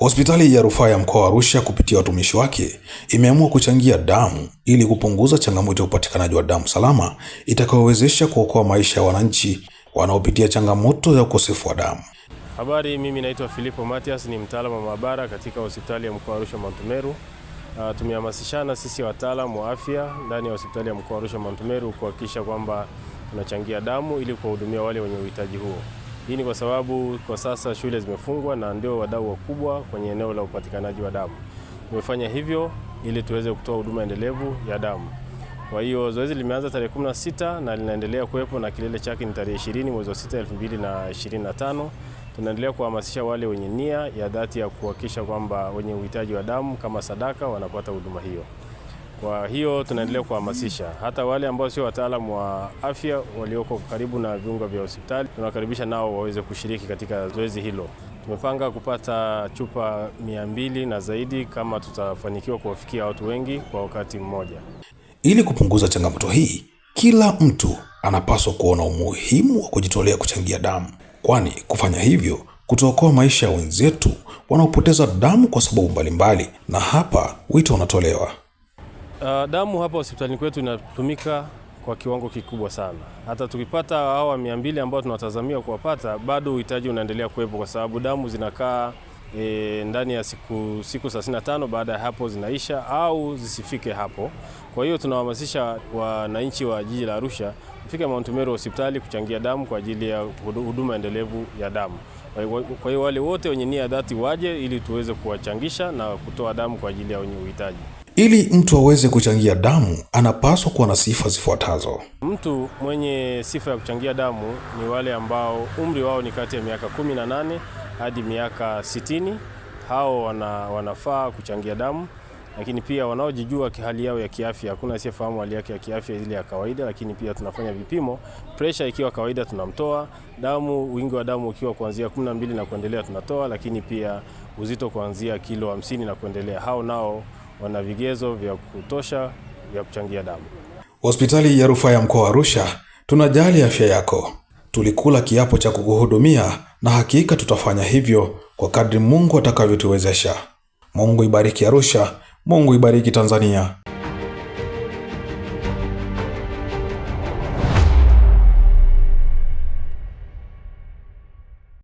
Hospitali ya rufaa ya mkoa wa Arusha kupitia watumishi wake imeamua kuchangia damu ili kupunguza changamoto ya upatikanaji wa damu salama itakayowezesha kuokoa maisha ya wananchi wanaopitia changamoto ya ukosefu wa damu. Habari, mimi naitwa Filipo Matias, ni mtaalamu wa maabara katika hospitali ya mkoa wa Arusha Mount Uh, tumehamasishana sisi wataalamu wa afya ndani ya hospitali ya mkoa wa Arusha Mount kuhakikisha kwamba tunachangia damu ili kuwahudumia wale wenye uhitaji huo. Hii ni kwa sababu kwa sasa shule zimefungwa na ndio wadau wakubwa kwenye eneo la upatikanaji wa damu. Tumefanya hivyo ili tuweze kutoa huduma endelevu ya damu. Kwa hiyo zoezi limeanza tarehe 16 na linaendelea kuwepo na kilele chake ni tarehe 20 mwezi wa 6 2025. Tunaendelea kuhamasisha wale wenye nia ya dhati ya kuhakikisha kwamba wenye uhitaji wa damu kama sadaka wanapata huduma hiyo. Kwa hiyo tunaendelea kuhamasisha hata wale ambao sio wataalamu wa afya walioko karibu na viunga vya hospitali, tunawakaribisha nao waweze kushiriki katika zoezi hilo. Tumepanga kupata chupa mia mbili na zaidi kama tutafanikiwa kuwafikia watu wengi kwa wakati mmoja. Ili kupunguza changamoto hii, kila mtu anapaswa kuona umuhimu wa kujitolea kuchangia damu, kwani kufanya hivyo kutaokoa maisha ya wenzetu wanaopoteza damu kwa sababu mbalimbali, na hapa wito unatolewa. Uh, damu hapa hospitalini kwetu inatumika kwa kiwango kikubwa sana. Hata tukipata hawa mia mbili ambao tunawatazamia kuwapata, bado uhitaji unaendelea kuwepo kwa sababu damu zinakaa e, ndani ya siku siku 35 baada ya hapo zinaisha au zisifike hapo. Kwa hiyo tunawahamasisha wananchi wa jiji la Arusha kufika Mount Meru hospitali kuchangia damu kwa ajili ya huduma endelevu ya damu. Kwa hiyo wale wote wenye nia dhati waje ili tuweze kuwachangisha na kutoa damu kwa ajili ya wenye uhitaji. Ili mtu aweze kuchangia damu anapaswa kuwa na sifa zifuatazo. Mtu mwenye sifa ya kuchangia damu ni wale ambao umri wao ni kati ya miaka 18 hadi miaka 60. Hao wana, wanafaa kuchangia damu, lakini pia wanaojijua hali yao ya kiafya. Hakuna asiyefahamu hali yake ya kiafya ile ya kawaida, lakini pia tunafanya vipimo. Presha ikiwa kawaida tunamtoa damu, wingi wa damu ukiwa kuanzia 12 na kuendelea tunatoa, lakini pia uzito kuanzia kilo 50 na kuendelea, hao nao wana vigezo vya kutosha vya kuchangia damu. Hospitali ya Rufaa ya Mkoa wa Arusha, tunajali afya yako. Tulikula kiapo cha kukuhudumia na hakika tutafanya hivyo kwa kadri Mungu atakavyotuwezesha. Mungu ibariki Arusha, Mungu ibariki Tanzania.